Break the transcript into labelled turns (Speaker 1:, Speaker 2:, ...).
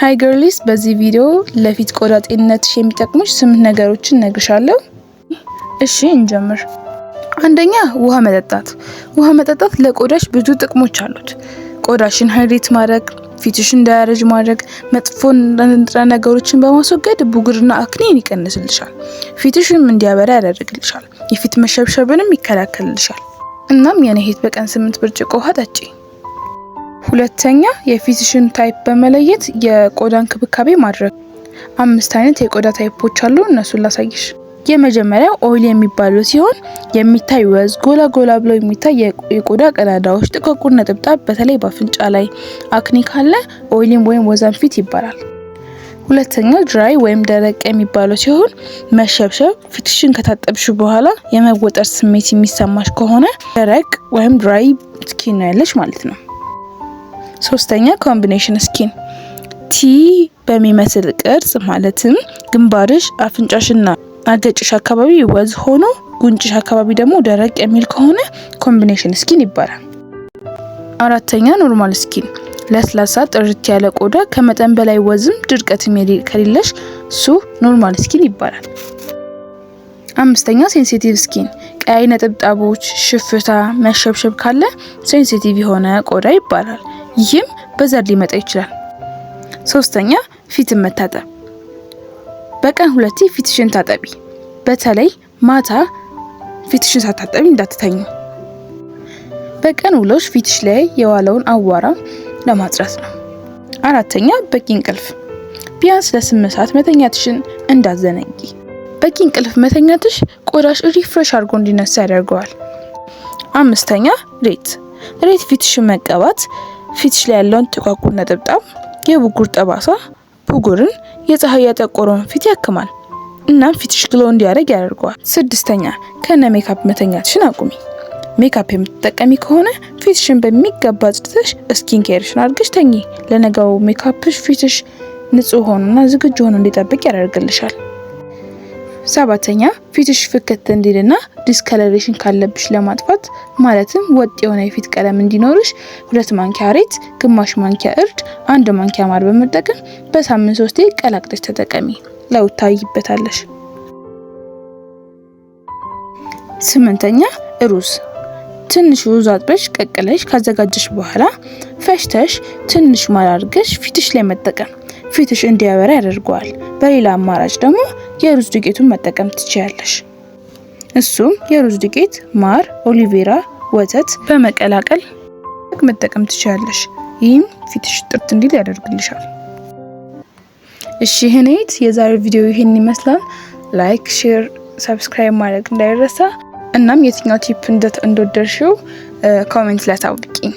Speaker 1: ሃይ ገርሊስ በዚህ ቪዲዮ ለፊት ቆዳ ጤንነትሽ የሚጠቅሙሽ ስምንት ነገሮችን ነግርሻለሁ። እሺ እንጀምር። አንደኛ ውሃ መጠጣት። ውሃ መጠጣት ለቆዳሽ ብዙ ጥቅሞች አሉት። ቆዳሽን ሃይድሬት ማድረግ፣ ፊትሽን እንዳያረጅ ማድረግ፣ መጥፎ ንጥረ ነገሮችን በማስወገድ ቡግርና አክኔን ይቀንስልሻል። ፊትሽም እንዲያበራ ያደርግልሻል። የፊት መሸብሸብንም ይከላከልልሻል። እናም የኔ እህት በቀን ስምንት ብርጭቆ ውሃ ጠጪ። ሁለተኛ የፊዚሽን ታይፕ በመለየት የቆዳ እንክብካቤ ማድረግ። አምስት አይነት የቆዳ ታይፖች አሉ፣ እነሱን ላሳይሽ። የመጀመሪያው ኦይል የሚባለው ሲሆን የሚታይ ወዝ፣ ጎላ ጎላ ብለው የሚታይ የቆዳ ቀዳዳዎች፣ ጥቁር ነጥብጣብ በተለይ በአፍንጫ ላይ፣ አክኒ ካለ ኦይሊም ወይም ወዛን ፊት ይባላል። ሁለተኛው ድራይ ወይም ደረቅ የሚባለው ሲሆን መሸብሸብ፣ ፊትሽን ከታጠብሽ በኋላ የመወጠር ስሜት የሚሰማሽ ከሆነ ደረቅ ወይም ድራይ ስኪን ነው ያለሽ ማለት ነው። ሶስተኛ ኮምቢኔሽን ስኪን ቲ በሚመስል ቅርጽ ማለትም ግንባርሽ፣ አፍንጫሽና አገጭሽ አካባቢ ወዝ ሆኖ ጉንጭሽ አካባቢ ደግሞ ደረቅ የሚል ከሆነ ኮምቢኔሽን ስኪን ይባላል። አራተኛ ኖርማል ስኪን ለስላሳ ጥርት ያለ ቆዳ ከመጠን በላይ ወዝም ድርቀትም ከሌለሽ ሱ ኖርማል ስኪን ይባላል። አምስተኛ ሴንሲቲቭ ስኪን ቀያይ ነጠብጣቦች፣ ሽፍታ፣ መሸብሸብ ካለ ሴንሲቲቭ የሆነ ቆዳ ይባላል። ይህም በዘር ሊመጣ ይችላል። ሶስተኛ ፊትን መታጠብ። በቀን ሁለቴ ፊትሽን ታጠቢ። በተለይ ማታ ፊትሽን ሳታጠቢ እንዳትተኙ። በቀን ውሎሽ ፊትሽ ላይ የዋለውን አዋራ ለማጽዳት ነው። አራተኛ በቂ እንቅልፍ፣ ቢያንስ ለስምንት ሰዓት መተኛትሽን እንዳዘነጊ። በቂ እንቅልፍ መተኛትሽ ቆዳሽ ሪፍሬሽ አድርጎ እንዲነሳ ያደርገዋል። አምስተኛ ሬት ሬት ፊትሽን መቀባት ፊትሽ ላይ ያለውን ጥቋቁር ነጠብጣብ፣ የብጉር ጠባሳ፣ ብጉርን፣ የፀሐይ ያጠቆረውን ፊት ያክማል። እናም ፊትሽ ግሎ እንዲያደርግ ያደርገዋል። ስድስተኛ ከነ ሜካፕ መተኛትሽን አቁሚ። ሜካፕ የምትጠቀሚ ከሆነ ፊትሽን በሚገባ አጽድተሽ ስኪን ኬርሽን አድርገሽ ተኚ። ለነገው ሜካፕሽ ፊትሽ ንጹህ ሆኖና ዝግጁ ሆኖ እንዲጠብቅ ያደርግልሻል። ሰባተኛ ፊትሽ ፍክት እንዲልና ዲስከለሬሽን ካለብሽ ለማጥፋት ማለትም ወጥ የሆነ የፊት ቀለም እንዲኖርሽ ሁለት ማንኪያ ሬት፣ ግማሽ ማንኪያ እርድ፣ አንድ ማንኪያ ማር በመጠቀም በሳምንት ሶስቴ ቀላቅለሽ ተጠቀሚ። ለውጥ ታይበታለሽ። ስምንተኛ ሩዝ ትንሽ ሩዝ አጥበሽ ቀቅለሽ ካዘጋጀሽ በኋላ ፈሽተሽ ትንሽ ማር አድርገሽ ፊትሽ ላይ መጠቀም ፊትሽ እንዲያበራ ያደርገዋል። በሌላ አማራጭ ደግሞ የሩዝ ዱቄቱን መጠቀም ትችያለሽ። እሱም የሩዝ ዱቄት፣ ማር፣ ኦሊቬራ ወተት በመቀላቀል መጠቀም ትችያለሽ። ይህም ፊትሽ ጥርት እንዲል ያደርግልሻል። እሺ ህኔት የዛሬው ቪዲዮ ይህን ይመስላል። ላይክ፣ ሼር፣ ሰብስክራይብ ማድረግ እንዳይረሳ። እናም የትኛው ቲፕ እንደወደድሽው ኮሜንት ላይ አሳውቂኝ።